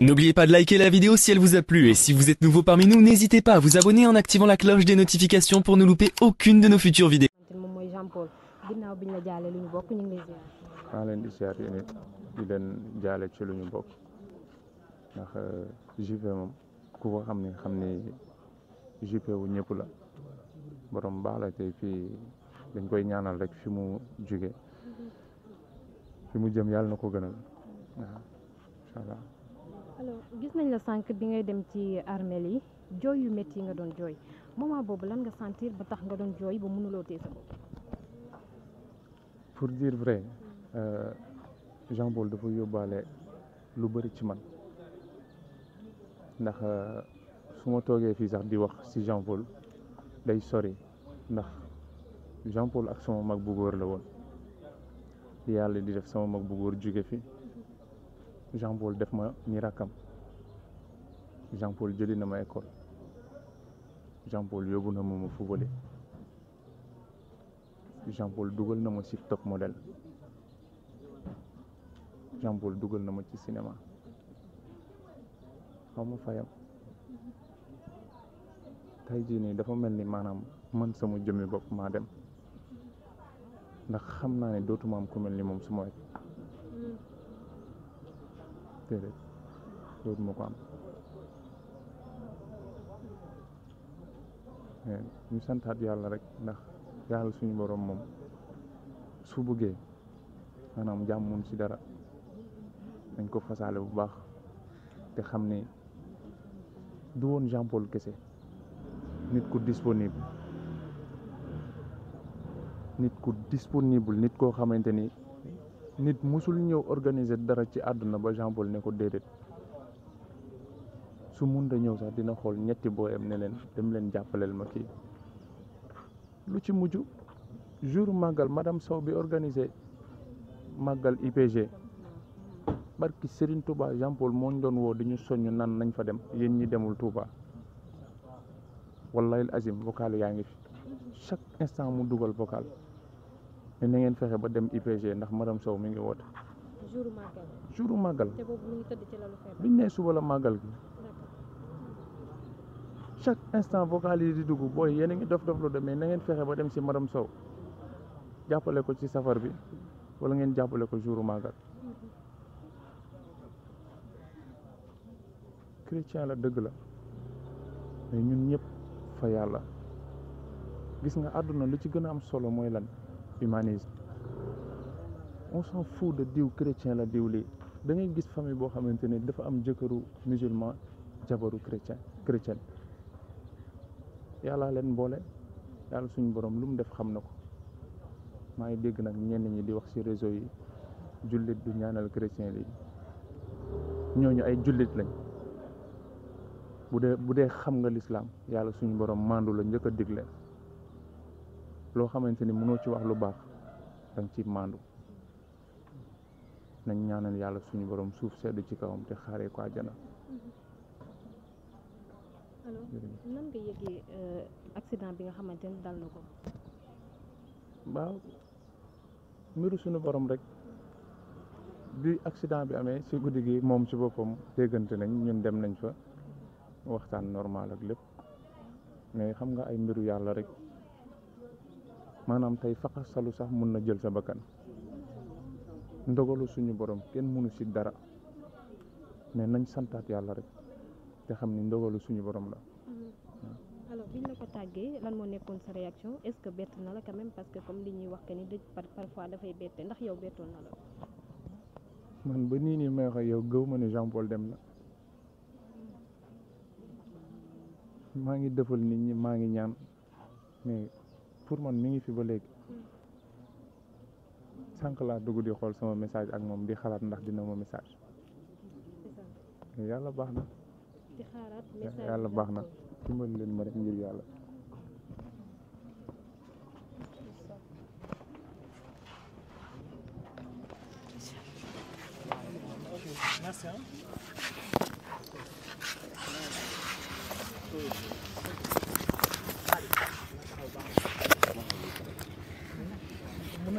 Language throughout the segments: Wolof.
N'oubliez pas de liker la vidéo si elle vous a plu et si vous êtes nouveau parmi nous, n'hésitez pas à vous abonner en activant la cloche des notifications pour ne louper aucune de nos futures vidéos. moom mooy Jean Paul bi lu ñu bokk ñu lu ñu bokk euh, moom ku ko xam ne xam ne JP wu ñëpp la borom baax la tey fii dañ koy ñaanal rek mm-hmm. fi mu jëm yàlla na ko gënal waaw gis nañ la sànq bi ngay dem ci armeel yi jooy yu métti yi nga doon jooy moment boobu lan nga ba tax nga doon jooy ba mënuloo téye sa bopp. pour dire vrai euh, Jean Paul lu bëri ci man ndax euh, su toogee fii sax di wax si day sori ndax Jean ak sama mag bu góor la woon yàlla di def sama mag bu góor jóge fi. Jean Paul def ma ñi rakkam Jean Paul jëli na ma école Jean Paul yóbbu na ma ma fubale Jean dugal na ma ci top modèle Jean Paul dugal na ma ci cinéma xaw ma fayam tey jii nii dafa mel ni maanaam man sama jëmmi bopp maa dem ndax xam naa ne dootuma am ku mel ni moom su ma téere loolu moo eh, yàlla rek ndax yàlla suñu borom moom su bëggee maanaam jàmmun ci dara dañ ko fasaale bu baax te xam ni du woon Jean Paul kese nit ku disponible nit ku disponible nit koo xamante ni nit musul ñëw organiser dara ci àdduna ba Jean Paul ne ko déedéet su munta ñëw sax dina xool ñetti booyam ne leen dem leen jàppaleel ma ki lu ci mujj jour màggal madame Sow bi organisé màggal IPG barki Serigne Touba Jean Paul moo ñu doon woo di ñu soññ nan nañ fa dem yéen ñi demul Touba wallahi azim vocal yaa ngi fi chaque instant mu dugal vocal mais na ngeen fexe ba dem IPG ndax madame Sow mi ngi woote. jour màggal jour màggal. te boobu suba la màggal gi. chaque instant vocal yi di dugg booy yéen a ngi dof dof lu demee na ngeen fexe ba dem si madame Sow jàppale ko ci safar bi wala ngeen jàppale ko jour màggal. chrétien la dëgg la mais ñun ñëpp fa yàlla gis nga àdduna lu ci gën a am solo mooy lan. humanisme on s'en de diw chrétien la diw lii da ngay gis famille boo xamante ne dafa am jëkkëru musulman jabaru chrétien chrétien yàllaa leen mboole yàlla suñu borom lu mu def xam na ko maa ngi dégg nag ñenn ñi di wax ci réseau yi jullit du ñaanal chrétien lii ñooñu ay jullit lañ bu dee bu dee xam nga lislaam yàlla suñu borom mandu la njëkk a digle loo xamante ni mënoo ci wax lu baax da ci màndu nañ ñaanal yàlla suñu borom suuf seddu ci kawam te xaaree ko àjjana. Mm-hmm. alors euh, accident bi nga xamante ni dal na ko. waaw mbiru suñu borom rek bi accident bi amee si guddi gi moom si boppam déggante nañ ñun dem nañ fa mm-hmm. waxtaan normal ak lépp mais xam nga ay mbiru yàlla rek. maanaam tey faxasalu sax mun na jël sa bakkan ndogalu suñu borom kenn mënu si dara mais nañ santaat yàlla rek te xam ni ndogalu suñu borom la. Mm-hmm. alors biñ la ko tàggee moo nekkoon sa est-ce que bett na la parce que comme li ñuy wax que ni dëj dafay bette ndax yow bettoon na man ba nii nii may wax yow gëw ma ne Jean Paul dem na maa ngi defal nit ñi maa ngi ñaan pour man mi ngi fi ba léegi sànq laa dugg di xool sama message ak moom bi xalaat ndax dina ma message yàlla baax na yàlla baax na dimbali leen ma rek ngir yàlla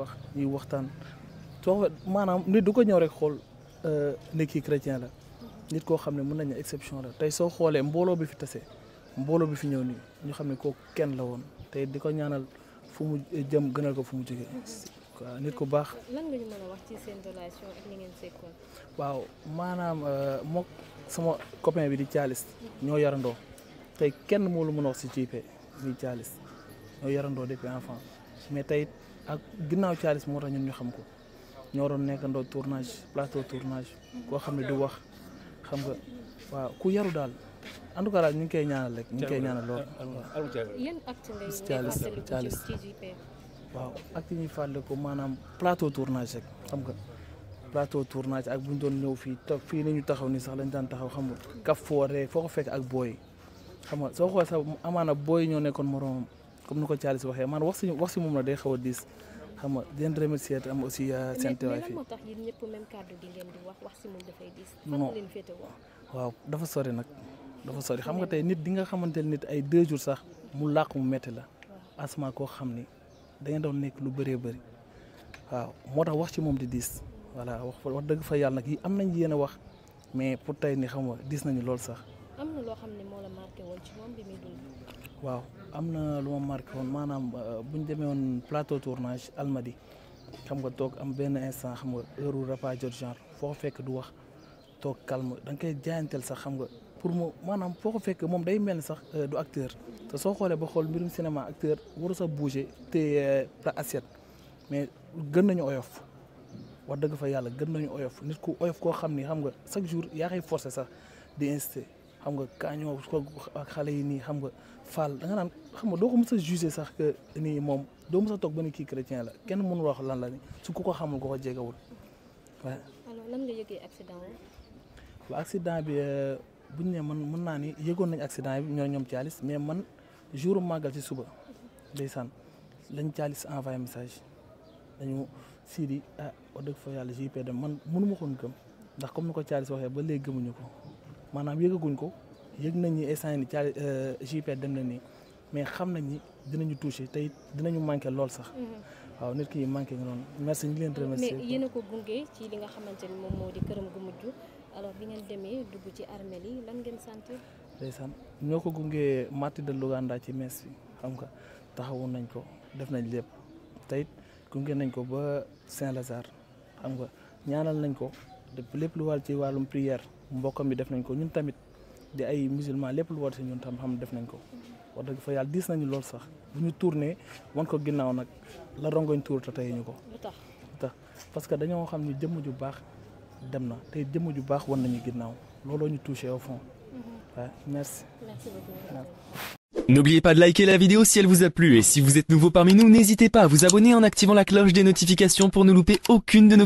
wax ñuy waxtaan soo maanaam nit du ko ñëw rek xool euh, ne kii chrétien la nit koo xam ne mën nañu exception la tey soo xoolee mbooloo bi fi tase mbooloo bi fi ñëw nii ñu xam ne kooku kenn la woon tey di ko ñaanal fu mu jëm gënal ko fu mu jógee. waaw baax. waaw maanaam euh, mook sama copain bi di caalis ñoo yarandoo tey kenn moo lu mën a wax si JP di Thialis ñoo yarandoo depuis enfant mais tey ak ginnaaw Thialis moo tax ñun ñu xam ko ñoo doon nekkandoo tournage plateau tournage koo xam ne du wax xam nga waaw ku yaru daal en tout cas daal ñu ngi koy ñaanal rek ñu ngi koy ñaanal lool Thialis Thialis waaw ak ñuy fàttali ko maanaam plateau tournage rek xam nga plateau tournage ak bu doon ñëw fii toog fii la ñu taxaw nii sax lañ daan taxaw xam nga kaf foo ko fekk ak booy xam nga soo xool sax amaana booy ñoo nekkoon moroomam comme ni ko Thialis waxee man wax si wax si moom la day xaw a diis xam nga di leen remercier te am aussi euh, seen teewaay fii. mais wax waaw dafa sori nag dafa sori xam nga tey nit di nga xamante nit ay deux jours sax mu làq mu metti la asma koo xam ni da ngeen doon nekk lu baree bari waaw moo tax wax ci moom di diis voilà wax wax dëgg fa yàlla nag yi am nañ yéen a wax mais pour tey ni xam nga diis nañu lool sax. am na loo xam ne waaw am na lu ma marqué woon maanaam euh, bu ñu demee woon plateau tournage Almadi xam nga toog am benn instant xam nga heure wu repas jot genre foo fekk du wax toog kalm da nga koy jaayanteel sax xam nga pour mu maanaam foo ko fekk moom day mel ni sax euh, du acteur te soo xoolee ba xool mbirum cinéma acteur waru sa bouger te ta euh, assiette mais gën nañu oyof. wax dëgg fa yàlla gën nañu oyof nit ku oyof koo xam ni xam nga chaque jour yaa koy forcer sax di insister xam nga kaañoo ak xale yi nii xam nga Fall da nga naan xam doo ko mës a jugé sax que nii moom doo mës a toog ba ni kii chrétien la kenn mënul wax lan la ni su ku ko xamul ko ko jegewul waaw. alors lan bi. accident euh, nee man mën naa ni yëgoon nañ accident bi ñoo ñoom Thialis mais man jour màggal ci suba ndeysaan lañ Thialis envoyé message dañu sii di ah wax dëgg fa yàlla JP dem man mënu ma ko gëm ndax comme ni ko Thialis waxee ba léegi gëmuñu ko. maanaam yëgaguñ ko yëg nañ ni instant ni caa JP dem na nii mais xam nañ ni dinañu touché te dinañu manqué lool sax. Mhm. waaw nit ki manqué nga noonu merci ñu leen remercier. mais ko gunge ci li nga xamante ni moom moo di këram gu mujj alors bi ngeen demee dugg ci armée yi ngeen sentir. ñoo ko gunge marti de Louganda ci mees bi xam nga taxawoon nañ ko def nañ lépp te it gunge nañ ko ba Saint-Lazare xam nga ñaanal nañ ko lépp lu wàll ci wàllum prière. mbokkam mi def nañ ko ñun tamit di ay musulman lépp lu woote si ñun tam xam def nañ ko wax dëgg fa yàlla diis nañu lool sax bu ñu tourné wan ko ginnaaw nag la rongoñ tuur te tey ko. lu tax parce que dañoo xam ni jëmm ju baax dem na te jëmm ju baax wan nañu ginnaaw looloo ñu touché au fond. waaw mm-hmm. merci. merci N'oubliez pas de liker la vidéo si elle vous a plu et si vous êtes nouveau parmi nous, n'hésitez pas à vous abonner en activant la cloche des notifications pour ne louper aucune